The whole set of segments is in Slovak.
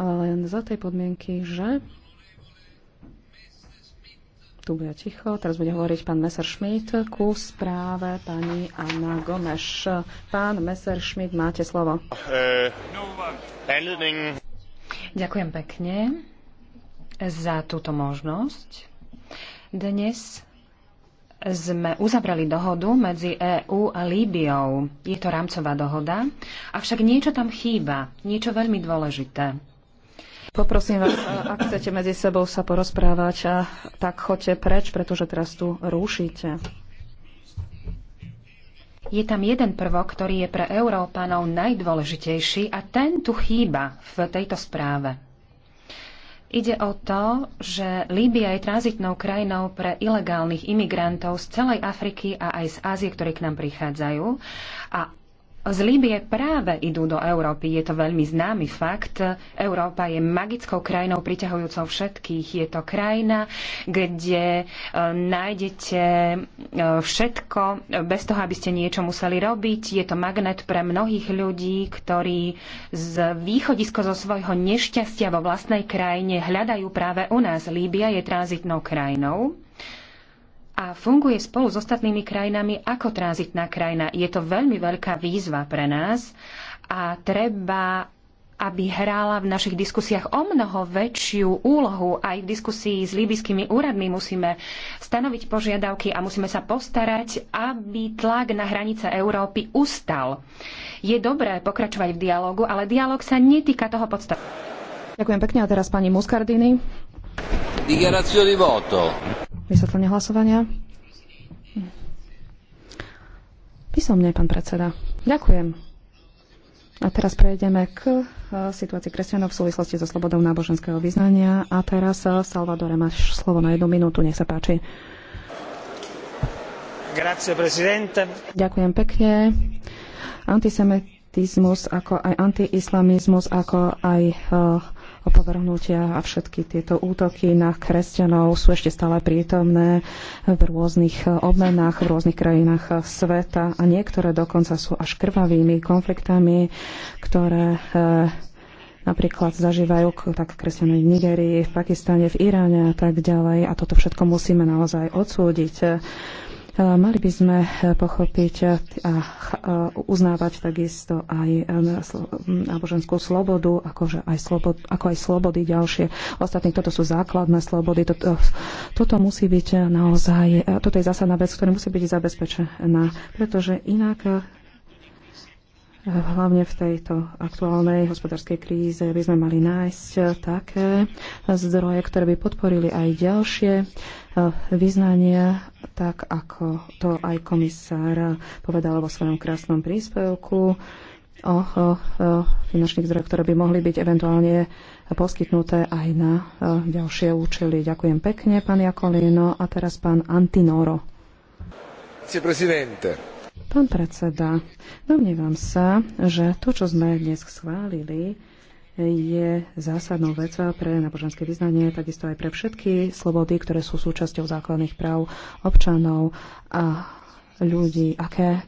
ale len za tej podmienky, že tu bude ticho. Teraz bude hovoriť pán Messerschmidt ku správe pani Anna Gomeš. Pán Messerschmidt, máte slovo. Eh, Ďakujem pekne za túto možnosť. Dnes sme uzavrali dohodu medzi EÚ a Líbiou. Je to rámcová dohoda, avšak niečo tam chýba, niečo veľmi dôležité. Poprosím vás, ak chcete medzi sebou sa porozprávať, tak choďte preč, pretože teraz tu rúšite. Je tam jeden prvok, ktorý je pre Európanov najdôležitejší a ten tu chýba v tejto správe. Ide o to, že Líbia je tranzitnou krajinou pre ilegálnych imigrantov z celej Afriky a aj z Ázie, ktorí k nám prichádzajú. A z Líbie práve idú do Európy. Je to veľmi známy fakt. Európa je magickou krajinou priťahujúcou všetkých. Je to krajina, kde e, nájdete e, všetko bez toho, aby ste niečo museli robiť. Je to magnet pre mnohých ľudí, ktorí z východisko zo svojho nešťastia vo vlastnej krajine hľadajú práve u nás. Líbia je tranzitnou krajinou a funguje spolu s ostatnými krajinami ako tranzitná krajina. Je to veľmi veľká výzva pre nás a treba aby hrála v našich diskusiách o mnoho väčšiu úlohu. Aj v diskusii s líbyskými úradmi musíme stanoviť požiadavky a musíme sa postarať, aby tlak na hranice Európy ustal. Je dobré pokračovať v dialogu, ale dialog sa netýka toho podstav. Ďakujem pekne a teraz pani Muscardini. Dichiarazione di voto vysvetlenie hlasovania? Písomne, pán predseda. Ďakujem. A teraz prejdeme k eh, situácii kresťanov v súvislosti so slobodou náboženského vyznania. A teraz, eh, Salvadore, máš slovo na jednu minútu, nech sa páči. Ďakujem pekne. Antisemitizmus ako aj antiislamizmus, ako aj uh, opovrhnutia a všetky tieto útoky na kresťanov sú ešte stále prítomné v rôznych obmenách, v rôznych krajinách sveta a niektoré dokonca sú až krvavými konfliktami, ktoré eh, napríklad zažívajú tak kresťané v Nigerii, v Pakistane, v Iráne a tak ďalej. A toto všetko musíme naozaj odsúdiť. E, mali by sme e, pochopiť e, a uznávať takisto aj náboženskú slobodu, akože aj slobod, ako aj slobody ďalšie. Ostatní, toto sú základné slobody. Toto, toto musí byť naozaj, toto je zásadná vec, ktorá musí byť zabezpečená, pretože inak hlavne v tejto aktuálnej hospodárskej kríze by sme mali nájsť také zdroje, ktoré by podporili aj ďalšie eh, vyznania, tak ako to aj komisár povedal vo svojom krásnom príspevku o, finančných zdrojoch, ktoré by mohli byť eventuálne poskytnuté aj na eh, ďalšie účely. Ďakujem pekne, pán Jakolino. A teraz pán Antinoro. Grazie, presidente. Pán predseda, domnievam sa, že to, čo sme dnes schválili, je zásadnou vecou pre náboženské vyznanie, takisto aj pre všetky slobody, ktoré sú súčasťou základných práv občanov a ľudí, aké e,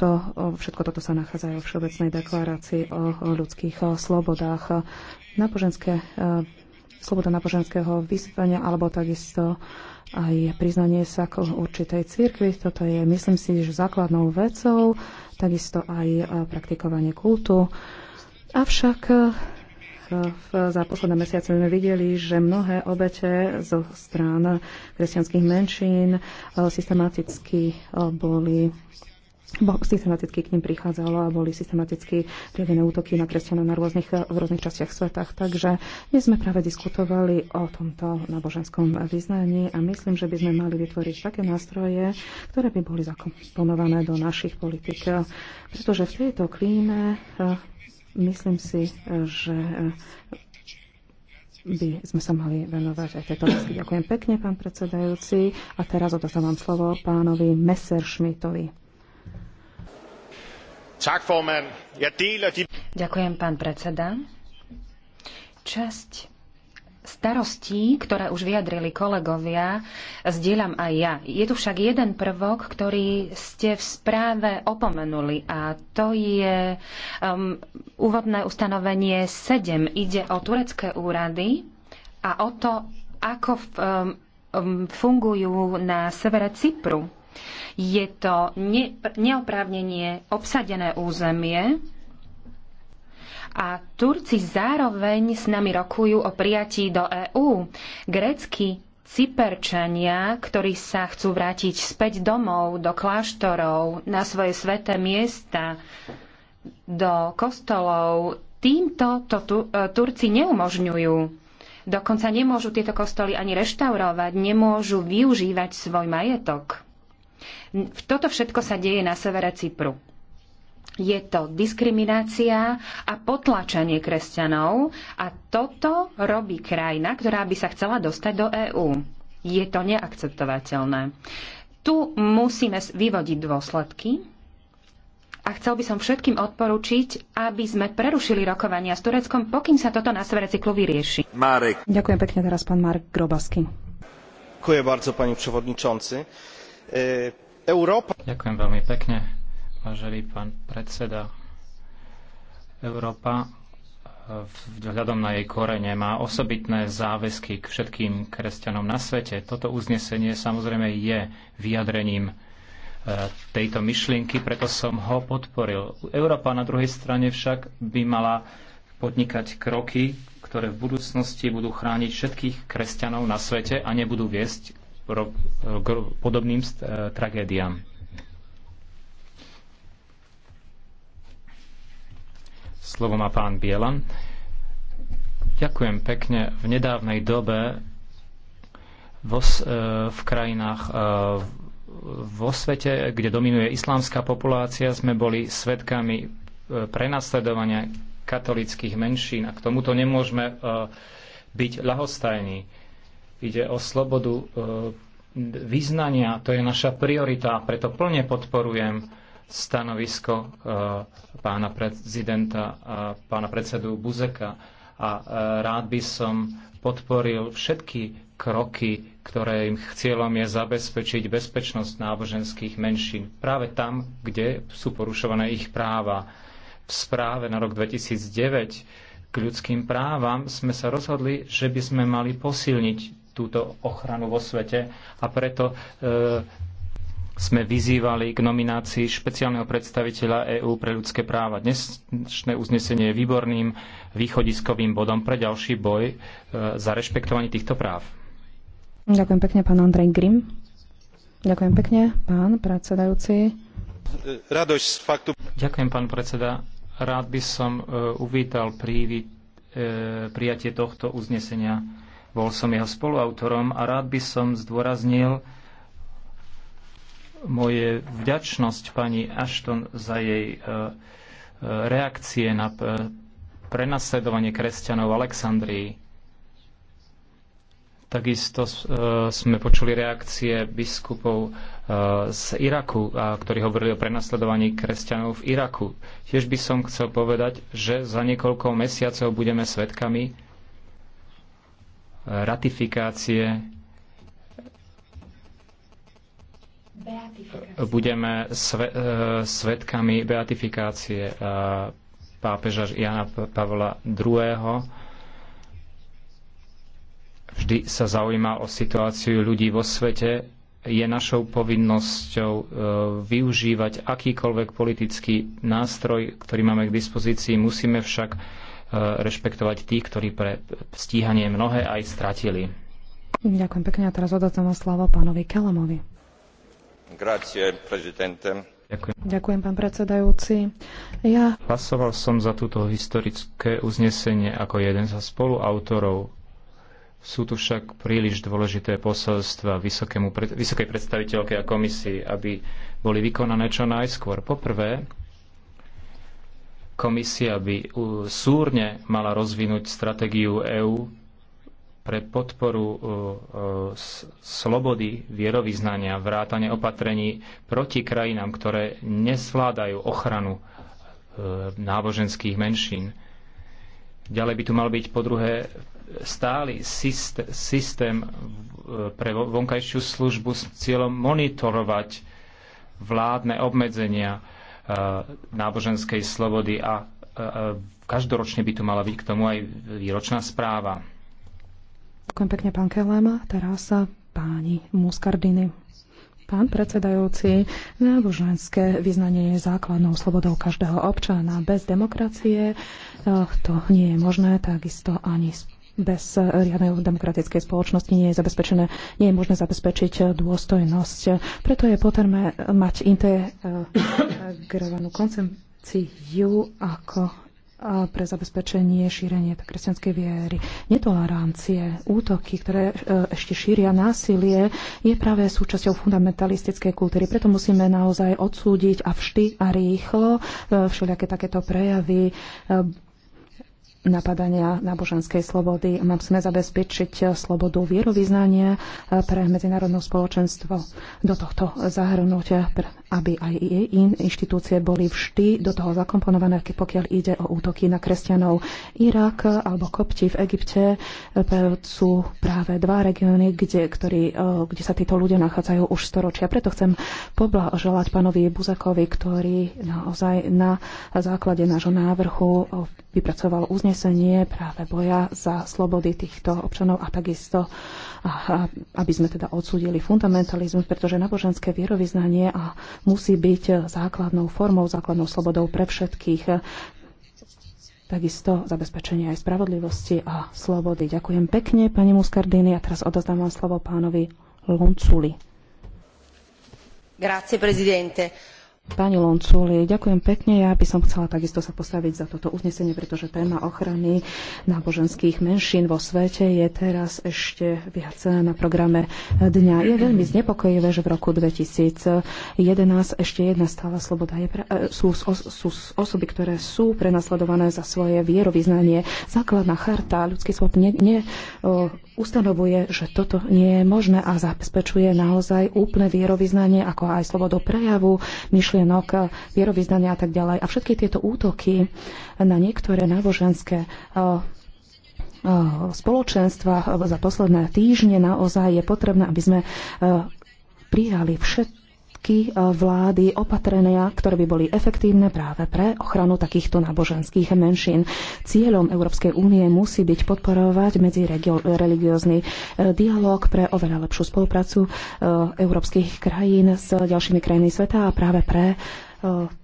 to, všetko toto sa nachádza aj vo Všeobecnej deklarácii o ľudských slobodách. Náboženské, e, sloboda náboženského vyspania alebo takisto aj priznanie sa k určitej církvi. Toto je, myslím si, že základnou vecou, takisto aj e, praktikovanie kultu. Avšak e, v, za posledné mesiace sme videli, že mnohé obete zo strán kresťanských menšín e, systematicky boli bo systematicky k ním prichádzalo a boli systematicky riadené útoky na kresťanov na rôznych, v rôznych častiach sveta. Takže my sme práve diskutovali o tomto náboženskom vyznaní a myslím, že by sme mali vytvoriť také nástroje, ktoré by boli zakomponované do našich politik. Pretože v tejto klíme eh, myslím si, že eh, by sme sa mali venovať aj tejto otázky. Ďakujem pekne, pán predsedajúci. A teraz odozdávam slovo pánovi Messerschmittovi. Ďakujem, pán predseda. Časť starostí, ktoré už vyjadrili kolegovia, zdieľam aj ja. Je tu však jeden prvok, ktorý ste v správe opomenuli a to je um, úvodné ustanovenie 7. Ide o turecké úrady a o to, ako v, um, um fungujú na severe Cypru je to ne, neoprávnenie obsadené územie a Turci zároveň s nami rokujú o prijatí do EÚ. Grécky Cyperčania, ktorí sa chcú vrátiť späť domov, do kláštorov, na svoje sveté miesta, do kostolov, týmto to tu, e, Turci neumožňujú. Dokonca nemôžu tieto kostoly ani reštaurovať, nemôžu využívať svoj majetok. Toto všetko sa deje na severe Cypru. Je to diskriminácia a potlačanie kresťanov a toto robí krajina, ktorá by sa chcela dostať do EÚ. Je to neakceptovateľné. Tu musíme vyvodiť dôsledky a chcel by som všetkým odporučiť, aby sme prerušili rokovania s Tureckom, pokým sa toto na severe cyklu vyrieši. Marek. Ďakujem pekne teraz pán Mark Grobasky. Ďakujem bardzo, pani przewodniczący. E, Európa... Ďakujem veľmi pekne, vážený pán predseda. Európa e, vzhľadom na jej korene má osobitné záväzky k všetkým kresťanom na svete. Toto uznesenie samozrejme je vyjadrením e, tejto myšlienky, preto som ho podporil. Európa na druhej strane však by mala podnikať kroky, ktoré v budúcnosti budú chrániť všetkých kresťanov na svete a nebudú viesť k k podobným e, tragédiám. Slovo má pán Bielan. Ďakujem pekne. V nedávnej dobe vo, e, v krajinách e, vo svete, kde dominuje islámska populácia, sme boli svetkami prenasledovania katolických menšín a k tomuto nemôžeme byť ľahostajní ide o slobodu e, vyznania, to je naša priorita, preto plne podporujem stanovisko e, pána prezidenta a pána predsedu Buzeka a e, rád by som podporil všetky kroky, ktoré im cieľom je zabezpečiť bezpečnosť náboženských menšín práve tam, kde sú porušované ich práva. V správe na rok 2009 k ľudským právam sme sa rozhodli, že by sme mali posilniť túto ochranu vo svete a preto e, sme vyzývali k nominácii špeciálneho predstaviteľa EÚ pre ľudské práva. Dnešné uznesenie je výborným východiskovým bodom pre ďalší boj e, za rešpektovanie týchto práv. Ďakujem pekne, pán Andrej Grim. Ďakujem pekne, pán predsedajúci. Radoš, faktu. Ďakujem, pán predseda. Rád by som e, uvítal prívi, prijatie tohto uznesenia bol som jeho spoluautorom a rád by som zdôraznil moje vďačnosť pani Ashton za jej e, e, reakcie na e, prenasledovanie kresťanov v Alexandrii. Takisto sme počuli reakcie biskupov z Iraku, ktorí hovorili o prenasledovaní kresťanov v Iraku. Tiež by som chcel povedať, že za niekoľko mesiacov budeme svedkami ratifikácie budeme sve, e, svetkami beatifikácie e, pápeža Jana Pavla II. Vždy sa zaujíma o situáciu ľudí vo svete. Je našou povinnosťou e, využívať akýkoľvek politický nástroj, ktorý máme k dispozícii. Musíme však rešpektovať tých, ktorí pre stíhanie mnohé aj stratili. Ďakujem pekne a teraz odozdám slovo pánovi Kelamovi. Grazie, prezidente. Ďakujem. Ďakujem, pán predsedajúci. Ja... Hlasoval som za túto historické uznesenie ako jeden za spoluautorov. Sú tu však príliš dôležité posolstva vysokému, vysokej predstaviteľke a komisii, aby boli vykonané čo najskôr. Poprvé, Komisia by súrne mala rozvinúť stratégiu EÚ pre podporu slobody vierovýznania, vrátane opatrení proti krajinám, ktoré nesvládajú ochranu e, náboženských menšín. Ďalej by tu mal byť po druhé stály systém e, pre vonkajšiu službu s cieľom monitorovať vládne obmedzenia, Eh, náboženskej slobody a eh, každoročne by tu mala byť k tomu aj výročná správa. Ďakujem pekne, pán Kelema. Teraz sa páni Muskardiny. Pán predsedajúci, náboženské vyznanie je základnou slobodou každého občana. Bez demokracie eh, to nie je možné, takisto ani bez eh, riadnej demokratickej spoločnosti nie je zabezpečené, nie je možné zabezpečiť eh, dôstojnosť. Preto je potrebné eh, mať integrovanú koncepciu ako pre zabezpečenie šírenie kresťanskej viery. Netolerancie, útoky, ktoré ešte šíria násilie, je práve súčasťou fundamentalistickej kultúry. Preto musíme naozaj odsúdiť a vždy a rýchlo všelijaké takéto prejavy napadania náboženskej slobody. Mám sme zabezpečiť slobodu vierovýznania eh, pre medzinárodné spoločenstvo. Do tohto zahrnúť, aby aj jej inštitúcie boli vždy do toho zakomponované, pokiaľ ide o útoky na kresťanov. Irak alebo kopti v Egypte eh, sú práve dva regióny, kde, ktorý, eh, kde sa títo ľudia nachádzajú už storočia. Preto chcem poblaželať pánovi Buzakovi, ktorý naozaj na základe nášho návrhu vypracoval uznesenie nie práve boja za slobody týchto občanov a takisto, aby sme teda odsúdili fundamentalizmus, pretože náboženské vierovýznanie musí byť základnou formou, základnou slobodou pre všetkých takisto zabezpečenie aj spravodlivosti a slobody. Ďakujem pekne, pani Muscardini, a teraz odozdám vám slovo pánovi Lonculi. Grazie, prezidente. Pani Lonculi, ďakujem pekne. Ja by som chcela takisto sa postaviť za toto uznesenie, pretože téma ochrany náboženských menšín vo svete je teraz ešte viac na programe dňa. Je veľmi znepokojivé, že v roku 2011 ešte jedna stála sloboda je pre, e, sú, sú osoby, ktoré sú prenasledované za svoje vierovýznanie. Základná charta ľudských slobod ne, ne, ustanovuje, že toto nie je možné a zabezpečuje naozaj úplné vierovýznanie, ako aj slobodu prejavu, myšlienok, vierovýznania a tak ďalej. A všetky tieto útoky na niektoré náboženské eh, eh, spoločenstva eh, za posledné týždne naozaj je potrebné, aby sme prijali všetko všetky e, vlády opatrenia, ktoré by boli efektívne práve pre ochranu takýchto náboženských menšín. Cieľom Európskej únie musí byť podporovať medzi religiózny e, dialog pre oveľa lepšiu spoluprácu e, európskych krajín s ďalšími krajinami sveta a práve pre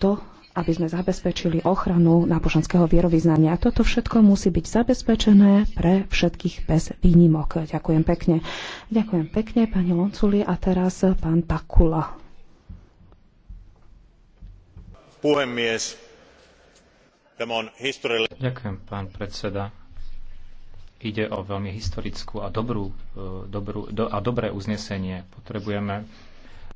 to, aby sme zabezpečili ochranu náboženského vierovýznania. Toto všetko musí byť zabezpečené pre všetkých bez výnimok. Ďakujem pekne. Ďakujem pekne, pani Lonculi. A teraz pán Takula puhemies tämä on historiallinen. Ďakujem, pán predseda. Ide o veľmi historickú a, dobrú, e, dobrú, do, a dobré uznesenie. Potrebujeme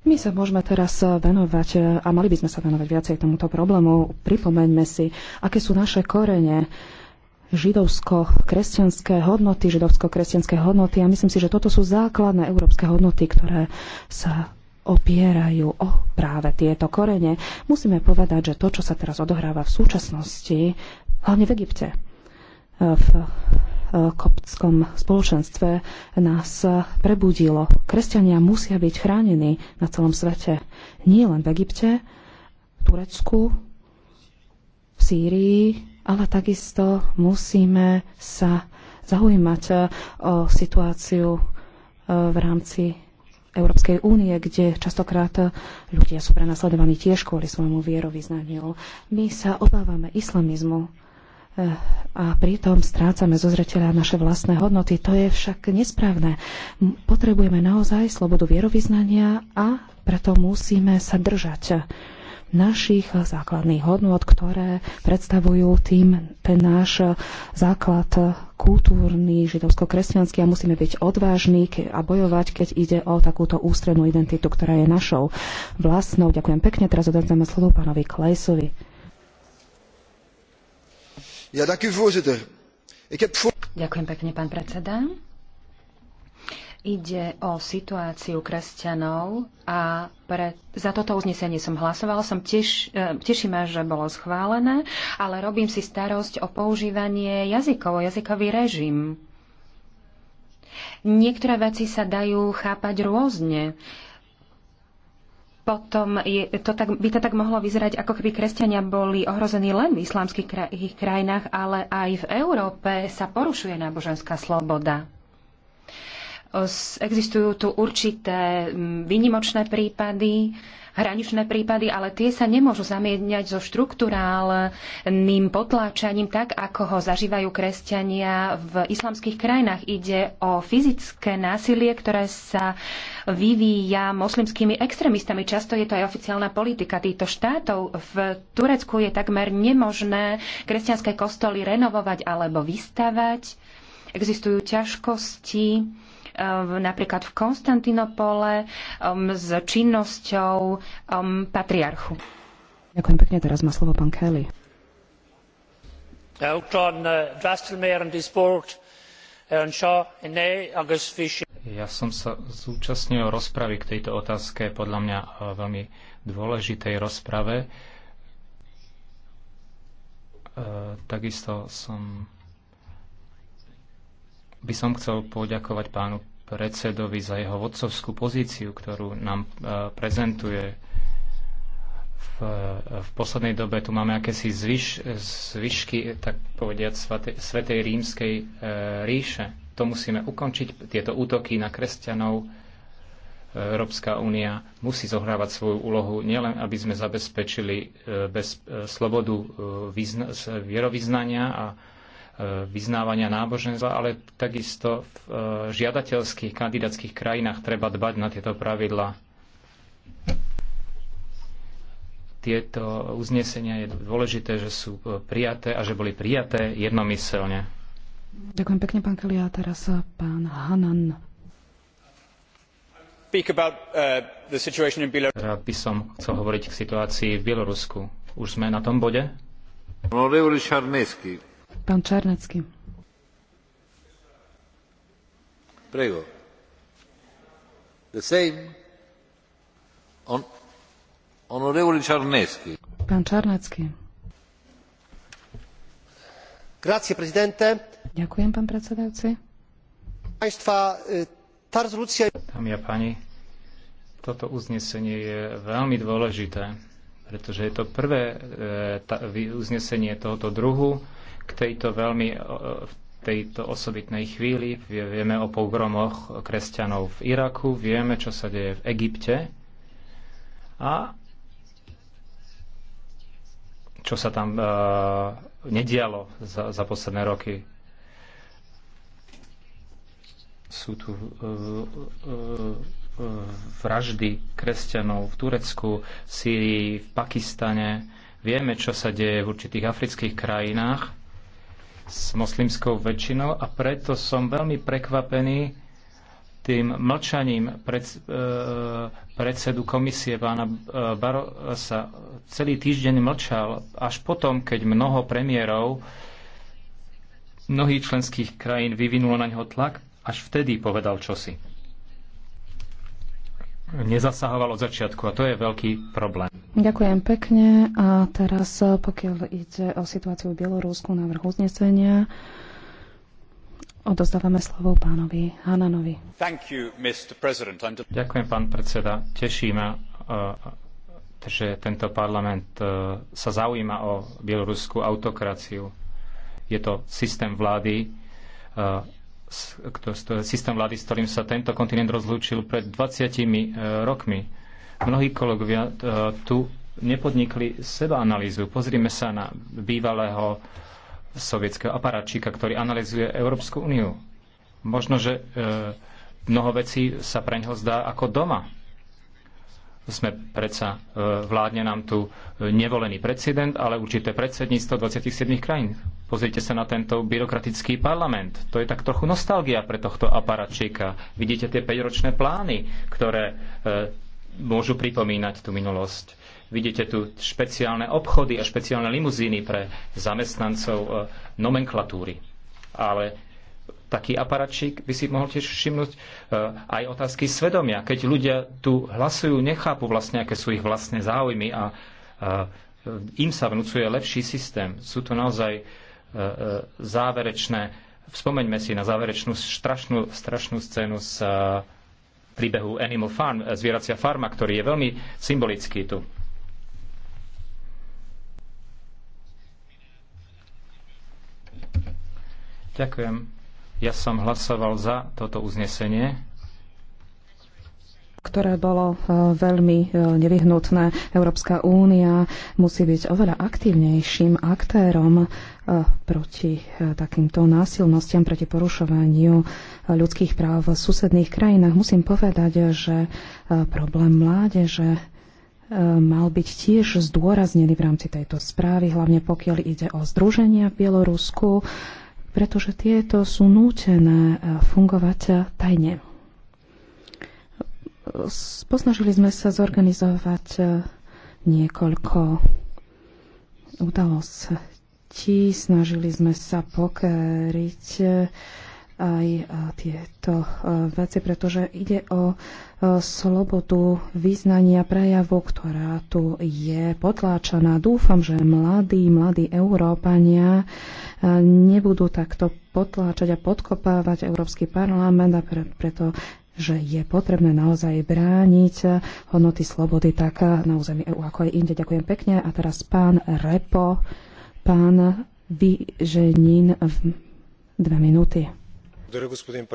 my sa môžeme teraz e, venovať e, a mali by sme sa venovať viacej tomuto problému. Pripomeňme si, aké sú naše korene židovsko-kresťanské hodnoty, židovsko-kresťanské hodnoty a myslím si, že toto sú základné európske hodnoty, ktoré sa opierajú o práve tieto korene. Musíme povedať, že to, čo sa teraz odohráva v súčasnosti, hlavne v Egypte, v e, koptskom spoločenstve nás prebudilo. Kresťania musia byť chránení na celom svete. Nie len v Egypte, v Turecku, v Sýrii, ale takisto musíme sa zaujímať e, o situáciu e, v rámci Európskej únie, kde častokrát ľudia sú prenasledovaní tiež kvôli svojmu vierovýznaniu. My sa obávame islamizmu eh, a pritom strácame zo zreteľa naše vlastné hodnoty. To je však nesprávne. Potrebujeme naozaj slobodu vierovýznania a preto musíme sa držať našich základných hodnot, ktoré predstavujú tým ten náš základ kultúrny, židovsko-kresťanský a musíme byť odvážni a bojovať, keď ide o takúto ústrednú identitu, ktorá je našou vlastnou. Ďakujem pekne. Teraz odovzdáme slovo pánovi Klejsovi. Ja, voorzitter. Ďakujem pekne, pán predseda. Ide o situáciu kresťanov a pre, za toto uznesenie som hlasovala. Som tiež, e, teší ma, že bolo schválené, ale robím si starosť o používanie jazykov, o jazykový režim. Niektoré veci sa dajú chápať rôzne. Potom je, to tak, by to tak mohlo vyzerať, ako keby kresťania boli ohrození len v islamských krajinách, ale aj v Európe sa porušuje náboženská sloboda. Existujú tu určité mm, výnimočné prípady, hraničné prípady, ale tie sa nemôžu zamieňať so štruktúrálnym potláčaním, tak ako ho zažívajú kresťania v islamských krajinách. Ide o fyzické násilie, ktoré sa vyvíja moslimskými extrémistami. Často je to aj oficiálna politika týchto štátov. V Turecku je takmer nemožné kresťanské kostoly renovovať alebo vystavať. Existujú ťažkosti napríklad v Konstantinopole um, s činnosťou um, patriarchu. Ďakujem pekne, teraz má slovo pán Kelly. Ja eh, som sa zúčastnil rozpravy k tejto otázke, podľa mňa eh, veľmi dôležitej rozprave. Eh, takisto som by som chcel poďakovať pánu predsedovi za jeho vodcovskú pozíciu, ktorú nám e, prezentuje. V, v poslednej dobe tu máme akési zvyš, zvyšky, tak povediať, svate, Svetej rímskej e, ríše. To musíme ukončiť, tieto útoky na kresťanov. E, Európska únia musí zohrávať svoju úlohu nielen, aby sme zabezpečili e, bez, slobodu význa, vierovýznania a vyznávania náboženstva, ale takisto v e, žiadateľských kandidátskych krajinách treba dbať na tieto pravidla. Tieto uznesenia je dôležité, že sú prijaté a že boli prijaté jednomyselne. Ďakujem pekne, pán Kelly. A teraz e, pán Hanan. Rád e, teda by som chcel hovoriť k situácii v Bielorusku. Už sme na tom bode? Pán Čarnecký. Prego. The same. On, onorevole Czarnecki. Pán Čarnecký. Grazie, prezidente. Ďakujem, pán predsedajúci. Państwa, tá rezolúcia... Dámy a páni, toto uznesenie je veľmi dôležité, pretože je to prvé e, ta, uznesenie tohoto druhu, k tejto veľmi e, v tejto osobitnej chvíli. Vieme o pogromoch kresťanov v Iraku, vieme, čo sa deje v Egypte a čo sa tam uh, nedialo za, za posledné roky. Sú tu uh, uh, vraždy kresťanov v Turecku, v Sýrii, v Pakistane. Vieme, čo sa deje v určitých afrických krajinách s moslimskou väčšinou a preto som veľmi prekvapený tým mlčaním pred, e, predsedu komisie pána e, Barosa. Celý týždeň mlčal, až potom, keď mnoho premiérov mnohých členských krajín vyvinulo na ňo tlak, až vtedy povedal čosi nezasahoval od začiatku a to je veľký problém. Ďakujem pekne a teraz e, pokiaľ ide o situáciu v Bielorúsku na vrhu znesenia, odozdávame slovo pánovi Hananovi. You, Ďakujem, pán predseda. Teší ma, e, že tento parlament e, sa zaujíma o bieloruskú autokraciu. Je to systém vlády, systém vlády, s ktorým sa tento kontinent rozlúčil pred 20 e, rokmi. Mnohí kolegovia e, tu nepodnikli sebaanalýzu. Pozrime sa na bývalého sovietského aparáčika, ktorý analýzuje Európsku úniu. Možno, že e, mnoho vecí sa preňho zdá ako doma sme predsa, e, vládne nám tu e, nevolený precedent, ale určité predsedníctvo 27 krajín. Pozrite sa na tento byrokratický parlament. To je tak trochu nostalgia pre tohto aparačíka. Vidíte tie 5-ročné plány, ktoré e, môžu pripomínať tú minulosť. Vidíte tu špeciálne obchody a špeciálne limuzíny pre zamestnancov nomenklatúry. Ale taký aparačík by si mohol tiež všimnúť e, aj otázky svedomia. Keď ľudia tu hlasujú, nechápu vlastne, aké sú ich vlastné záujmy a e, im sa vnúcuje lepší systém. Sú to naozaj e, záverečné, vzpomeňme si na záverečnú strašnú, strašnú scénu z príbehu Animal Farm, zvieracia farma, ktorý je veľmi symbolický tu. Ďakujem. Ja som hlasoval za toto uznesenie, ktoré bolo e, veľmi e, nevyhnutné. Európska únia musí byť oveľa aktívnejším aktérom e, proti takýmto násilnostiam, proti porušovaniu ľudských práv v susedných krajinách. Musím povedať, že problém mládeže mal byť tiež zdôraznený v rámci tejto správy, hlavne pokiaľ ide o združenia v Bielorusku pretože tieto sú nútené e, fungovať e, tajne. Posnažili sme sa zorganizovať e, niekoľko udalostí, snažili sme sa pokryť aj e, tieto e, veci, pretože ide o e, slobodu význania prejavu, ktorá tu je potláčaná. Dúfam, že mladí, mladí Európania nebudú takto potláčať a podkopávať Európsky parlament a pre, preto že je potrebné naozaj brániť hodnoty slobody tak na území EU ako aj inde. Ďakujem pekne. A teraz pán Repo, pán Vyženin, dve minúty. Ďakujem,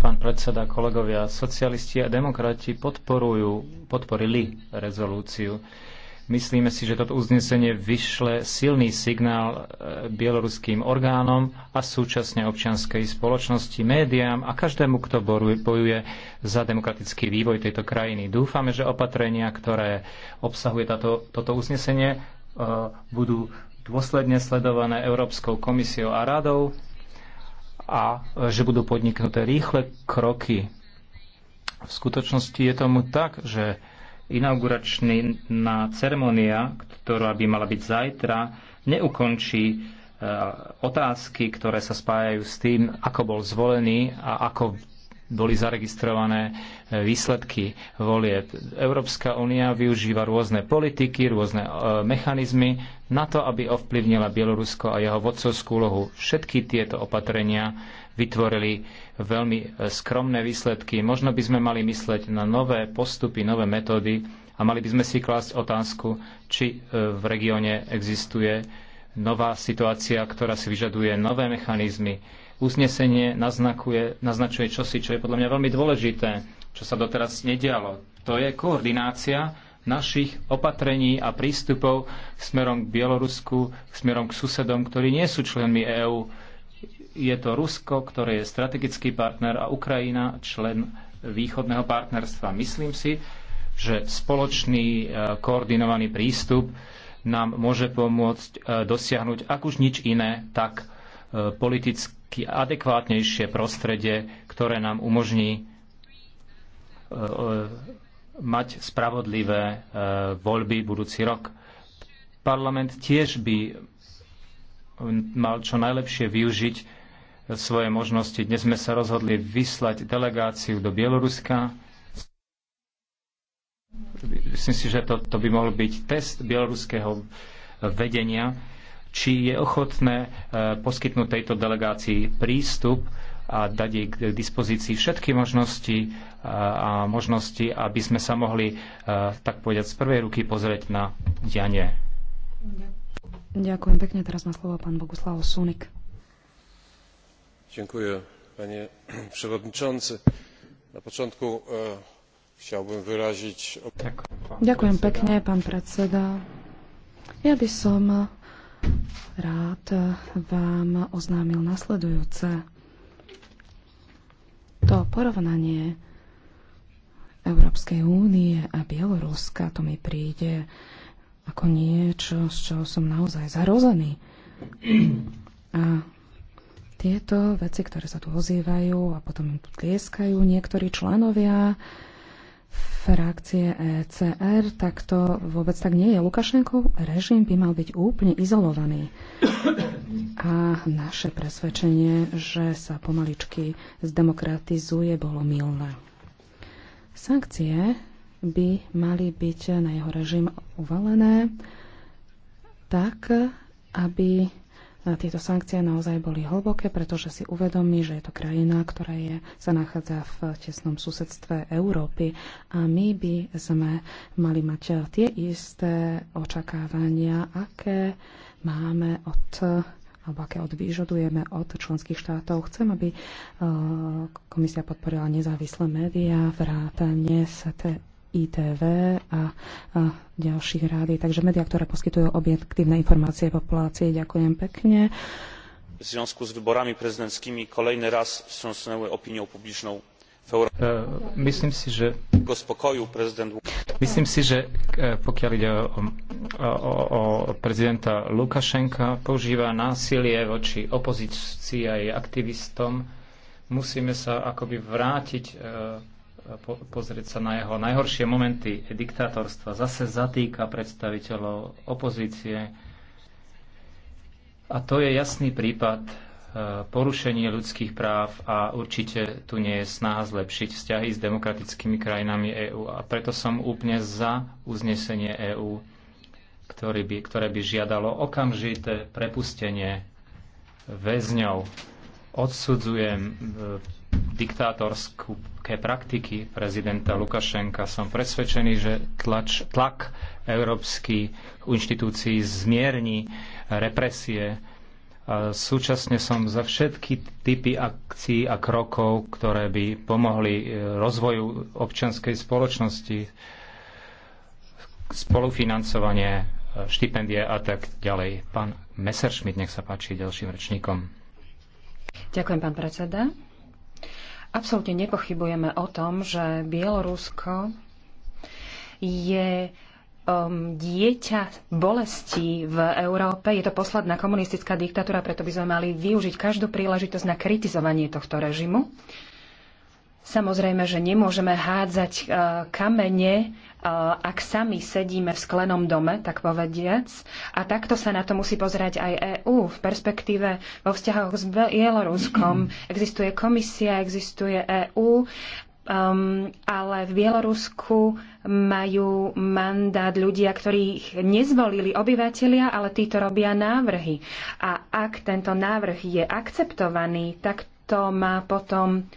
pán predseda, kolegovia. Socialisti a demokrati podporujú, podporili rezolúciu. Myslíme si, že toto uznesenie vyšle silný signál e, bieloruským orgánom a súčasne občianskej spoločnosti, médiám a každému, kto bojuje za demokratický vývoj tejto krajiny. Dúfame, že opatrenia, ktoré obsahuje táto, toto uznesenie, e, budú dôsledne sledované Európskou komisiou a radou a e, že budú podniknuté rýchle kroky. V skutočnosti je tomu tak, že inauguračná ceremonia, ktorá by mala byť zajtra, neukončí e, otázky, ktoré sa spájajú s tým, ako bol zvolený a ako boli zaregistrované e, výsledky volieb. Európska únia využíva rôzne politiky, rôzne e, mechanizmy na to, aby ovplyvnila Bielorusko a jeho vodcovskú úlohu. Všetky tieto opatrenia vytvorili veľmi e, skromné výsledky. Možno by sme mali mysleť na nové postupy, nové metódy a mali by sme si klásť otázku, či v regióne existuje nová situácia, ktorá si vyžaduje nové mechanizmy, Uznesenie naznakuje, naznačuje čosi, čo je podľa mňa veľmi dôležité, čo sa doteraz nedialo. To je koordinácia našich opatrení a prístupov smerom k Bielorusku, smerom k susedom, ktorí nie sú členmi EÚ. Je to Rusko, ktoré je strategický partner a Ukrajina člen východného partnerstva. Myslím si, že spoločný e, koordinovaný prístup nám môže pomôcť e, dosiahnuť, ak už nič iné, tak e, politický adekvátnejšie prostredie, ktoré nám umožní e, e, mať spravodlivé e, voľby budúci rok. Parlament tiež by mal čo najlepšie využiť svoje možnosti. Dnes sme sa rozhodli vyslať delegáciu do Bieloruska. Myslím si, že to, to by mohol byť test bieloruského vedenia či je ochotné e, poskytnúť tejto delegácii prístup a dať jej k dispozícii všetky možnosti e, a možnosti, aby sme sa mohli, e, tak povedať, z prvej ruky pozrieť na dianie. Ďakujem pekne. Teraz má slovo pán Boguslav Sunik. Ďakujem, panie przewodniczący. Na początku chciałbym wyrazić... Ďakujem pekne, pán predseda. Ja by som rád vám oznámil nasledujúce. To porovnanie Európskej únie a Bieloruska, to mi príde ako niečo, z čoho som naozaj zarozený. A tieto veci, ktoré sa tu ozývajú a potom im tlieskajú niektorí členovia, frakcie ECR, tak to vôbec tak nie je. Lukašenkov režim by mal byť úplne izolovaný. A naše presvedčenie, že sa pomaličky zdemokratizuje, bolo milné. Sankcie by mali byť na jeho režim uvalené tak, aby tieto sankcie naozaj boli hlboké, pretože si uvedomí, že je to krajina, ktorá je, sa nachádza v tesnom susedstve Európy a my by sme mali mať tie isté očakávania, aké máme od alebo aké odvyžadujeme od členských štátov. Chcem, aby eh, komisia podporila nezávislé médiá, vrátanie ITV a, a ďalších rádií. Takže médiá, ktoré poskytujú objektívne informácie populácii. Ďakujem pekne. V związku s vyborami prezidentskými kolejny raz wstrząsnęły opinią publiczną v Európe. Uh, e, Myslím si, že... Spokoju, prezident... Myslím si, že e, pokiaľ ide o, o, o prezidenta Lukašenka, používa násilie voči opozícii a jej aktivistom. Musíme sa akoby vrátiť uh, po, pozrieť sa na jeho najhoršie momenty diktátorstva. Zase zatýka predstaviteľov opozície. A to je jasný prípad e, porušenie ľudských práv a určite tu nie je snaha zlepšiť vzťahy s demokratickými krajinami EÚ. A preto som úplne za uznesenie EÚ, ktoré by, ktoré by žiadalo okamžité prepustenie väzňov. Odsudzujem e, diktátorské praktiky prezidenta Lukašenka. Som presvedčený, že tlač, tlak európskych inštitúcií zmierni represie. A súčasne som za všetky typy akcií a krokov, ktoré by pomohli e, rozvoju občianskej spoločnosti, spolufinancovanie, e, štipendie a tak ďalej. Pán Messerschmidt, nech sa páči ďalším rečníkom. Ďakujem, pán predseda. Absolútne nepochybujeme o tom, že Bielorusko je um, dieťa bolesti v Európe. Je to posledná komunistická diktatúra, preto by sme mali využiť každú príležitosť na kritizovanie tohto režimu. Samozrejme, že nemôžeme hádzať uh, kamene Eh, ak sami sedíme v sklenom dome, tak povediac. A takto sa na to musí pozerať aj EÚ v perspektíve vo vzťahoch s Bieloruskom. Existuje komisia, existuje EÚ, um, ehm, ale v Bielorusku majú mandát ľudia, ktorých nezvolili obyvateľia, ale títo robia návrhy. A ak tento návrh je akceptovaný, tak to má potom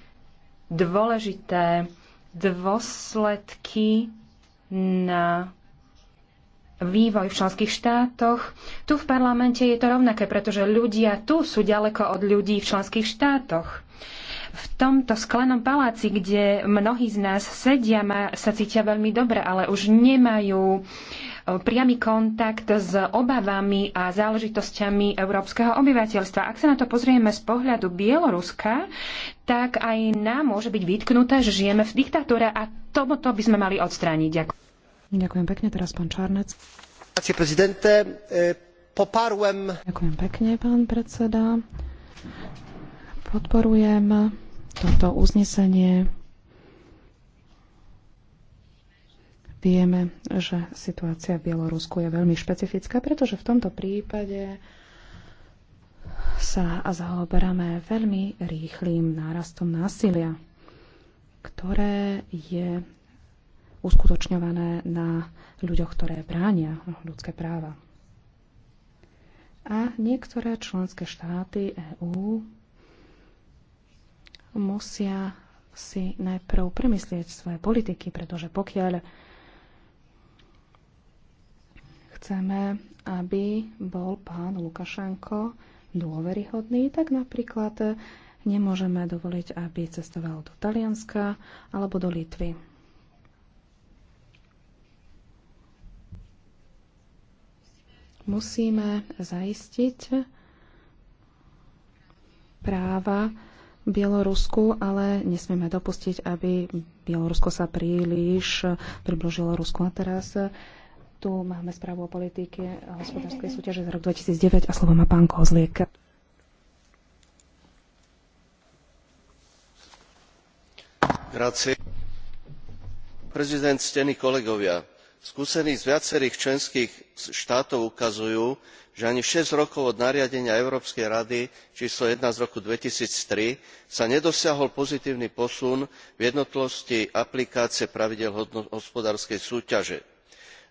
dôležité dôsledky na vývoj v členských štátoch. Tu v parlamente je to rovnaké, pretože ľudia tu sú ďaleko od ľudí v členských štátoch. V tomto sklenom paláci, kde mnohí z nás sedia, sa cítia veľmi dobre, ale už nemajú uh, E, priamy kontakt s obavami a záležitosťami európskeho obyvateľstva. Ak sa na to pozrieme z pohľadu Bieloruska, tak aj nám môže byť vytknuté, že žijeme v diktatúre a tomuto by sme mali odstrániť. Ďakujem. Ďakujem pekne, teraz pán Čarnec. E, Ďakujem pekne, pán predseda. Podporujem toto uznesenie Vieme, že situácia v Bielorusku je veľmi špecifická, pretože v tomto prípade sa zaoberáme veľmi rýchlým nárastom násilia, ktoré je uskutočňované na ľuďoch, ktoré bránia ľudské práva. A niektoré členské štáty EÚ musia si najprv premyslieť svoje politiky, pretože pokiaľ chceme, aby bol pán Lukašenko dôveryhodný, tak napríklad nemôžeme dovoliť, aby cestoval do Talianska alebo do Litvy. Musíme zaistiť práva Bielorusku, ale nesmieme dopustiť, aby Bielorusko sa príliš približilo Rusku. A teraz tu máme správu o politike a hospodárskej súťaže za rok 2009 a slovo má pán Kozliek. Grazie. Prezident, stení kolegovia, skúsení z viacerých členských štátov ukazujú, že ani 6 rokov od nariadenia Európskej rady číslo 1 z roku 2003 sa nedosiahol pozitívny posun v jednotlosti aplikácie pravidel hospodárskej súťaže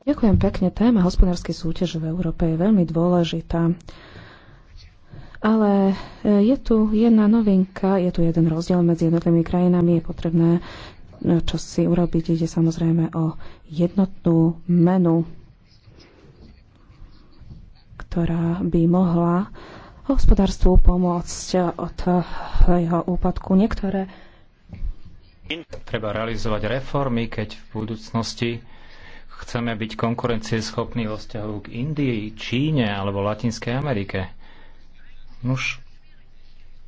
Ďakujem pekne. Téma hospodárskej súťaže v Európe je veľmi dôležitá. Ale e, je tu jedna novinka, je tu jeden rozdiel medzi jednotlivými krajinami. Je potrebné e, čo si urobiť. Ide samozrejme o jednotnú menu, ktorá by mohla hospodárstvu pomôcť od jeho úpadku. Niektoré Treba realizovať reformy, keď v budúcnosti chceme byť konkurencieschopní vo vzťahu k Indii, Číne alebo Latinskej Amerike. Nuž,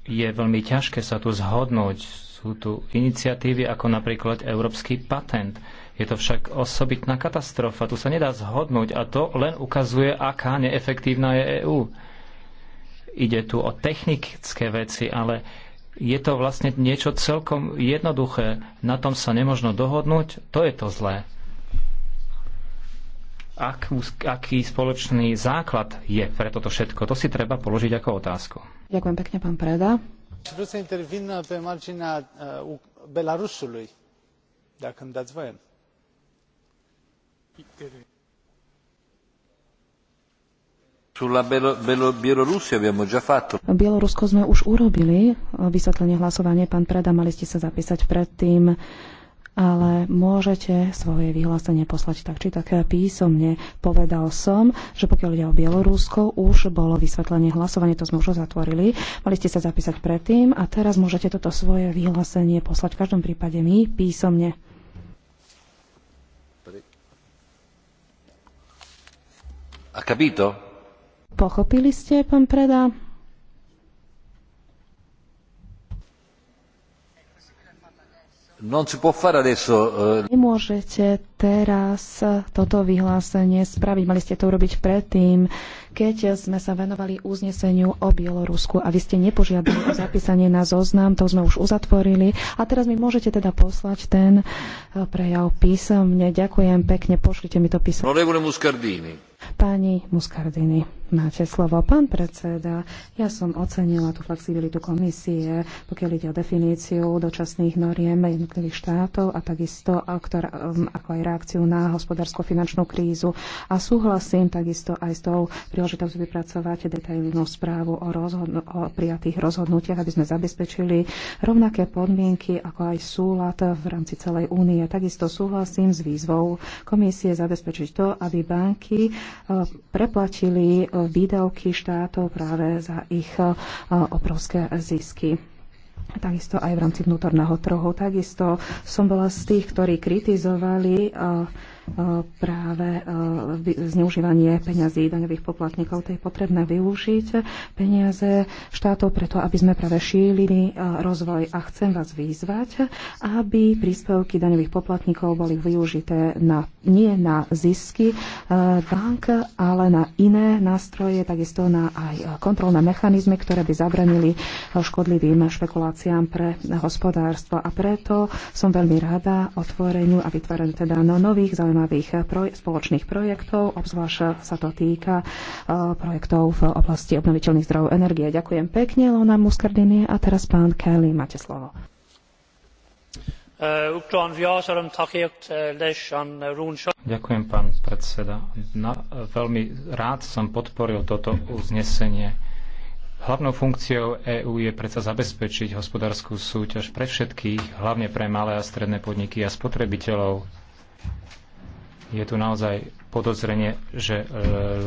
je veľmi ťažké sa tu zhodnúť. Sú tu iniciatívy ako napríklad Európsky patent. Je to však osobitná katastrofa, tu sa nedá zhodnúť a to len ukazuje, aká neefektívna je EÚ. Ide tu o technické veci, ale je to vlastne niečo celkom jednoduché. Na tom sa nemožno dohodnúť, to je to zlé. Ak, aký spoločný základ je pre toto všetko? To si treba položiť ako otázku. Ďakujem pekne, pán Preda. Vreau să intervin pe marginea uh, Belarusului, dacă îmi dați voie. Bielorusko sme už urobili uh, vysvetlenie hlasovanie. Pán Preda, mali ste sa zapísať predtým. Uh, ale môžete svoje vyhlásenie poslať tak či tak písomne. Povedal som, že pokiaľ ide o Bielorusko, už bolo vysvetlenie hlasovanie, to sme už zatvorili. Mali ste sa zapísať predtým a teraz môžete toto svoje vyhlásenie poslať v každom prípade my písomne. A Pochopili ste, pán Preda? Eh, Nemôžete teraz toto vyhlásenie spraviť. Mali ste to urobiť predtým, keď sme sa venovali uzneseniu o Bielorusku a vy ste nepožiadali o zapísanie na zoznam, to sme už uzatvorili. A teraz mi môžete teda poslať ten eh, prejav písomne. Ďakujem pekne, pošlite mi to písomne. Pani Muscardini, máte slovo. Pán predseda, ja som ocenila tú flexibilitu komisie, pokiaľ ide o definíciu dočasných noriem jednotlivých štátov a takisto, eh, ktorá, ako aj reakciu na hospodársko-finančnú krízu. A súhlasím takisto aj s tou príležitosťou vypracovať detailnú správu o, rozhodnu- o prijatých rozhodnutiach, aby sme zabezpečili rovnaké podmienky, ako aj súlad v rámci celej únie. Takisto súhlasím s výzvou komisie zabezpečiť to, aby banky e, preplatili e, výdavky štátov práve za ich e, obrovské zisky takisto aj v rámci vnútorného trhu. Takisto som bola z tých, ktorí kritizovali eh, práve e, zneužívanie peňazí daňových poplatníkov. To je potrebné využiť e, peniaze štátov preto, aby sme práve šírili e, rozvoj. A chcem vás vyzvať, aby príspevky daňových poplatníkov boli využité na, nie na zisky bank, ale na iné nástroje, takisto na aj kontrolné mechanizmy, ktoré by zabranili škodlivým špekuláciám pre hospodárstvo. A preto som veľmi rada otvoreniu a vytvoreniu teda no, nových zaujímavých zaujímavých proj- spoločných projektov, obzvlášť sa to týka e, projektov v oblasti obnoviteľných zdrojov energie. Ďakujem pekne, Lona Muscardini a teraz pán Kelly, máte slovo. Uh, uh, Ďakujem, pán predseda. Na, veľmi rád som podporil toto uznesenie. Hlavnou funkciou EÚ je predsa zabezpečiť hospodárskú súťaž pre všetkých, hlavne pre malé a stredné podniky a spotrebiteľov je tu naozaj podozrenie, že e,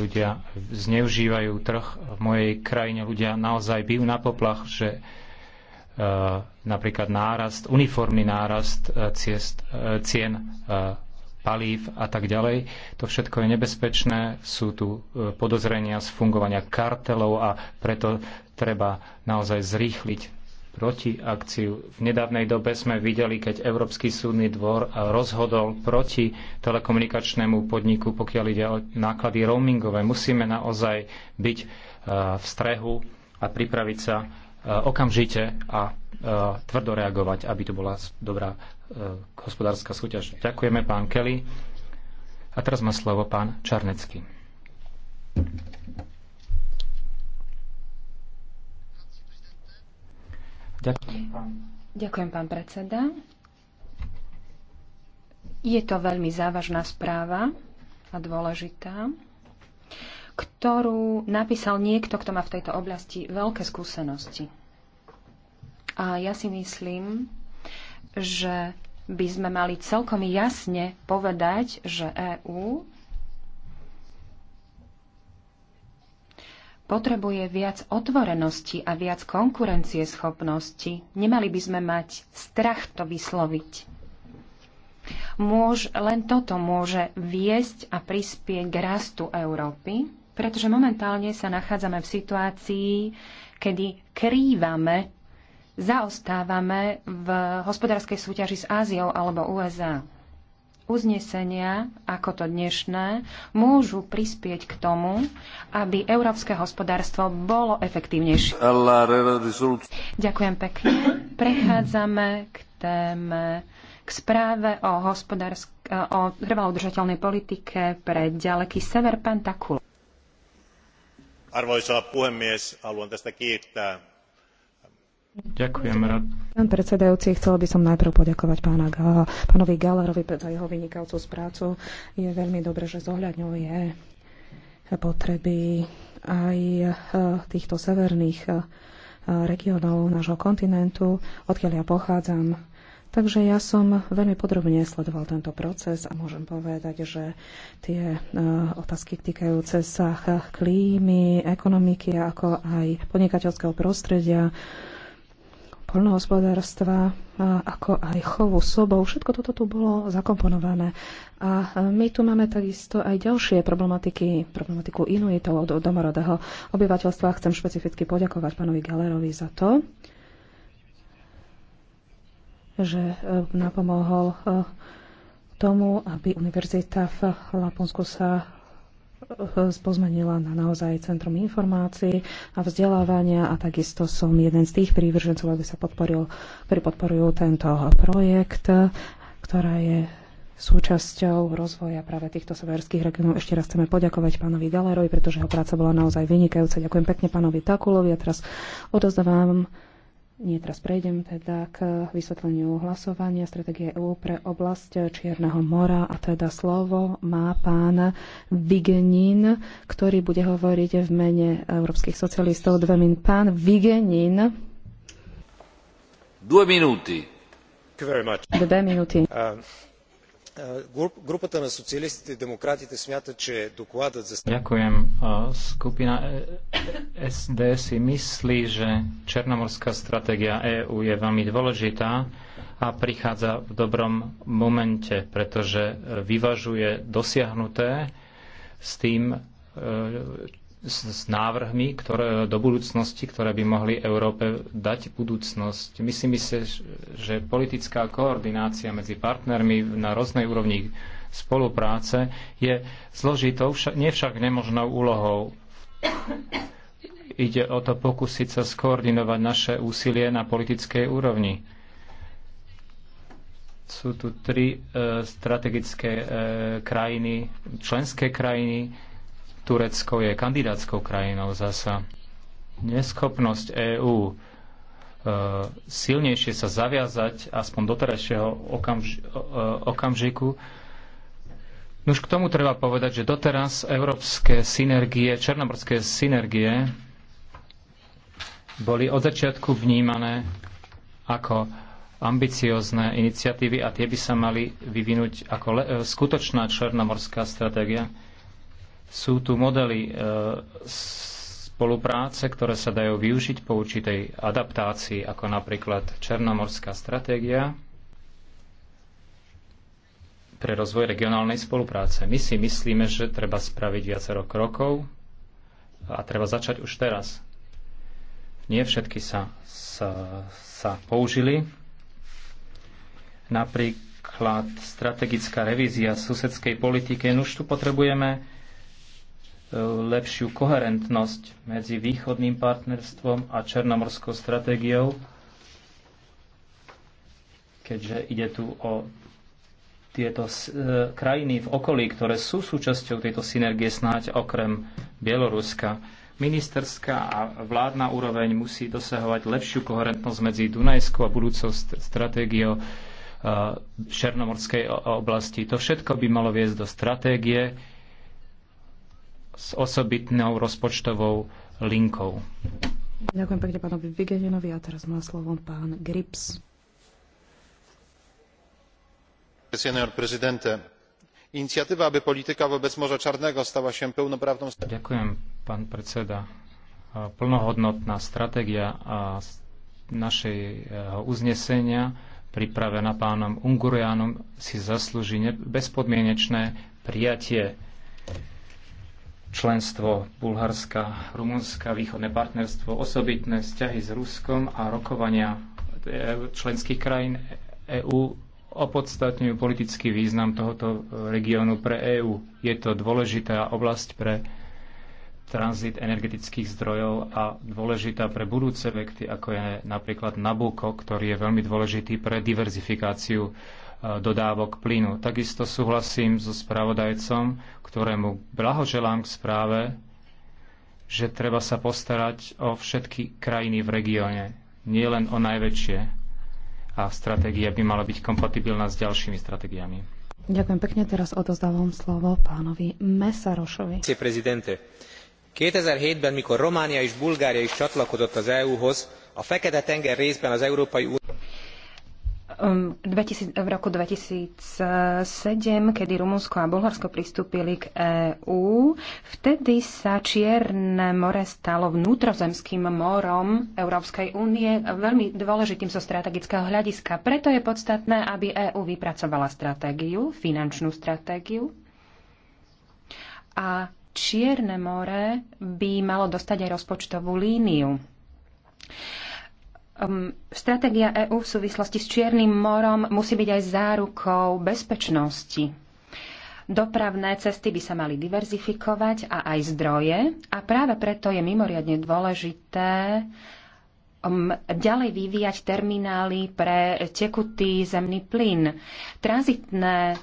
ľudia zneužívajú trh. V mojej krajine ľudia naozaj bijú na poplach, že e, napríklad nárast, uniformný nárast e, ciest, cien palív a tak ďalej. To všetko je nebezpečné, sú tu podozrenia z fungovania kartelov a preto treba naozaj zrýchliť proti akciu. V nedávnej dobe sme videli, keď Európsky súdny dvor rozhodol proti telekomunikačnému podniku, pokiaľ ide o náklady roamingové. Musíme naozaj byť e, v strehu a pripraviť sa e, okamžite a e, tvrdo reagovať, aby tu bola dobrá hospodárska súťaž. Ďakujeme, pán Kelly. A teraz má slovo pán Čarnecký. Ďakujem, pán. Ďakujem, pán predseda. Je to veľmi závažná správa a dôležitá, ktorú napísal niekto, kto má v tejto oblasti veľké skúsenosti. A ja si myslím, že by sme mali celkom jasne povedať, že EÚ potrebuje viac otvorenosti a viac konkurencieschopnosti. Nemali by sme mať strach to vysloviť. Môž, len toto môže viesť a prispieť k rastu Európy, pretože momentálne sa nachádzame v situácii, kedy krývame, zaostávame v hospodárskej súťaži s Áziou alebo USA uznesenia, ako to dnešné, môžu prispieť k tomu, aby európske hospodárstvo bolo efektívnejšie. Ďakujem pekne. Prechádzame k téme, k správe o, hospodársk- o trvalo udržateľnej politike pre ďaleký sever. Pán Arvoisa puhemies, haluan tästä kiittää Ďakujem rád. Pán predsedajúci, chcela by som najprv poďakovať pána Gala, pánovi Galerovi za jeho vynikajúcu prácu. Je veľmi dobré, že zohľadňuje potreby aj e, týchto severných e, regiónov nášho kontinentu, odkiaľ ja pochádzam. Takže ja som veľmi podrobne sledoval tento proces a môžem povedať, že tie e, otázky týkajúce sa klímy, ekonomiky, ako aj podnikateľského prostredia, poľnohospodárstva, ako aj chovu sobou. Všetko toto tu bolo zakomponované. A my tu máme takisto aj ďalšie problematiky, problematiku inuitov od domorodého obyvateľstva. Chcem špecificky poďakovať pánovi Galerovi za to, že e, napomohol e, tomu, aby univerzita v Laponsku sa Eh, Pozmenila na naozaj Centrum informácií a vzdelávania a takisto som jeden z tých prívržencov, aby sa podporil, ktorí podporujú tento projekt, ktorá je súčasťou rozvoja práve týchto severských regionov. Ešte raz chceme poďakovať pánovi Galerovi, pretože jeho práca bola naozaj vynikajúca. Ďakujem pekne pánovi Takulovi a teraz odozdávam nie, teraz prejdem teda k vysvetleniu hlasovania stratégie EÚ pre oblasť Čierneho mora a teda slovo má pán Vigenin, ktorý bude hovoriť v mene európskych socialistov. Dve min. Pán Vigenin. Dve minúty. Dve minúty. Uh... Групата на социалистите и демократите смята, че докладът за... Ďakujem. Skupina SD si myslí, že Černomorská stratégia EÚ je veľmi dôležitá a prichádza v dobrom momente, pretože vyvažuje dosiahnuté s tým, e, s, s návrhmi ktoré, do budúcnosti, ktoré by mohli Európe dať budúcnosť. Myslím si že, že politická koordinácia medzi partnermi na rôznej úrovni spolupráce je zložitou, však, nevšak nemožnou úlohou. Ide o to pokúsiť sa skoordinovať naše úsilie na politickej úrovni. Sú tu tri e, strategické e, krajiny, členské krajiny, Turecko je kandidátskou krajinou zasa. Neschopnosť EÚ e, silnejšie sa zaviazať aspoň do terajšieho okamž- e, okamžiku. okamžiku. Už k tomu treba povedať, že doteraz európske synergie, černomorské synergie boli od začiatku vnímané ako ambiciozne iniciatívy a tie by sa mali vyvinúť ako e, skutočná černomorská stratégia sú tu modely e, spolupráce, ktoré sa dajú využiť po určitej adaptácii, ako napríklad Černomorská stratégia pre rozvoj regionálnej spolupráce. My si myslíme, že treba spraviť viacero krokov a treba začať už teraz. Nie všetky sa, sa, sa použili. Napríklad strategická revízia susedskej politiky. No už tu potrebujeme lepšiu koherentnosť medzi východným partnerstvom a černomorskou stratégiou, keďže ide tu o tieto e, krajiny v okolí, ktoré sú súčasťou tejto synergie snáď okrem Bieloruska. Ministerská a vládna úroveň musí dosahovať lepšiu koherentnosť medzi Dunajskou a budúcou stratégiou e, černomorskej oblasti. To všetko by malo viesť do stratégie, s osobitnou rozpočtovou linkou. Ďakujem pekne pánovi Vigenovi a teraz má slovo pán Grips. aby Ďakujem, pán predseda. Plnohodnotná stratégia a našeho uznesenia pripravená pánom Ungurianom si zaslúži bezpodmienečné prijatie členstvo Bulharska, Rumunska, východné partnerstvo, osobitné vzťahy s Ruskom a rokovania e, členských krajín EÚ opodstatňujú politický význam tohoto e, regiónu pre EÚ. Je to dôležitá oblasť pre tranzit energetických zdrojov a dôležitá pre budúce vekty, ako je napríklad Nabucco, ktorý je veľmi dôležitý pre diverzifikáciu dodávok plynu. Takisto súhlasím so spravodajcom, ktorému blahoželám k správe, že treba sa postarať o všetky krajiny v regióne, nie len o najväčšie. A stratégia by mala byť kompatibilná s ďalšími stratégiami. Ďakujem pekne, teraz odozdávam slovo pánovi Mesarošovi. Prezidente, 2007-ben, mikor Románia és Bulgária is csatlakozott az EU-hoz, a Fekete-tenger részben az Európai Unió Um, v roku 2007, kedy Rumunsko a Bulharsko pristúpili k EÚ, vtedy sa Čierne more stalo vnútrozemským morom Európskej únie, veľmi dôležitým zo strategického hľadiska. Preto je podstatné, aby EÚ vypracovala stratégiu, finančnú stratégiu. A Čierne more by malo dostať aj rozpočtovú líniu. Um, stratégia EÚ v súvislosti s Čiernym morom musí byť aj zárukou bezpečnosti. Dopravné cesty by sa mali diverzifikovať a aj zdroje a práve preto je mimoriadne dôležité um, ďalej vyvíjať terminály pre tekutý zemný plyn. Tranzitné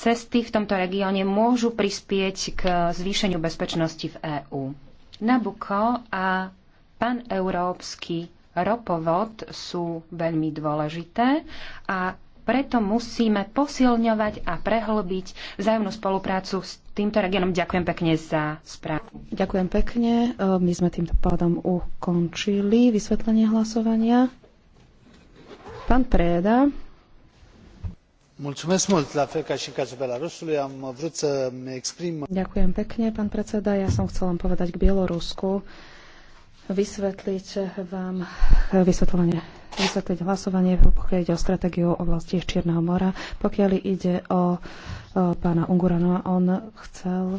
cesty v tomto regióne môžu prispieť k zvýšeniu bezpečnosti v EÚ. Nabuko a európsky ropovod sú veľmi dôležité a preto musíme posilňovať a prehlbiť vzájomnú spoluprácu s týmto regiónom. Ďakujem pekne za správu. Ďakujem pekne. My sme týmto pádom ukončili vysvetlenie hlasovania. Pán Preda. Ďakujem pekne, pán predseda. Ja som chcel len povedať k Bielorusku, vysvetliť vám vysvetlenie vysvetliť hlasovanie, pokiaľ ide o stratégiu oblasti Čierneho mora. Pokiaľ ide o, o pána Ungurana, on chcel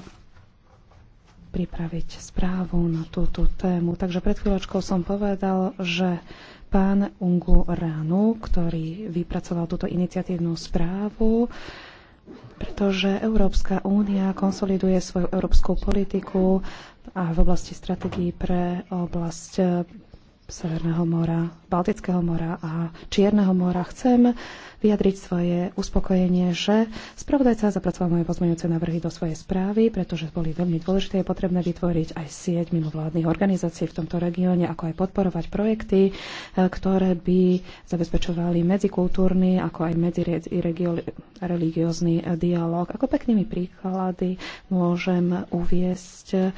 pripraviť správu na túto tému. Takže pred chvíľočkou som povedal, že pán Unguranu, ktorý vypracoval túto iniciatívnu správu, pretože Európska únia konsoliduje svoju európsku politiku a v oblasti stratégií pre oblasť Severného mora, Baltického mora a Čierneho mora chcem vyjadriť svoje uspokojenie, že spravodajca zapracoval moje pozmeňujúce návrhy do svojej správy, pretože boli veľmi dôležité. Je potrebné vytvoriť aj sieť mimovládnych organizácií v tomto regióne, ako aj podporovať projekty, e, ktoré by zabezpečovali medzikultúrny, ako aj medzireligiózny dialog. Ako peknými príklady môžem uviesť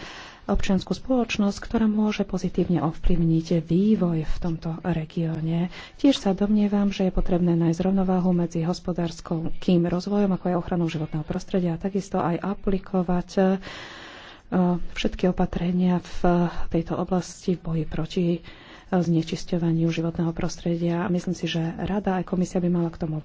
občianskú spoločnosť, ktorá môže pozitívne ovplyvniť vývoj v tomto regióne. Tiež sa domnievam, že je potrebné nájsť rovnováhu medzi hospodárskou kým rozvojom, ako je ochranou životného prostredia a takisto aj aplikovať e, všetky opatrenia v tejto oblasti v boji proti e, znečisťovaniu životného prostredia. Myslím si, že rada aj komisia by mala k tomu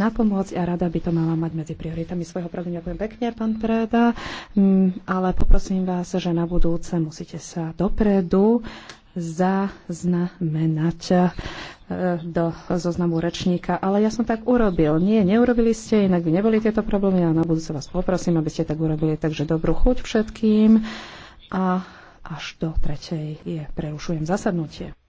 na pomoc a rada by to mala mať medzi prioritami svojho pravdu. Ďakujem pekne, pán Preda, mm, ale poprosím vás, že na budúce musíte sa dopredu zaznamenať e, do zoznamu rečníka, ale ja som tak urobil. Nie, neurobili ste, inak by neboli tieto problémy a na budúce vás poprosím, aby ste tak urobili. Takže dobrú chuť všetkým a až do tretej je prerušujem zasadnutie.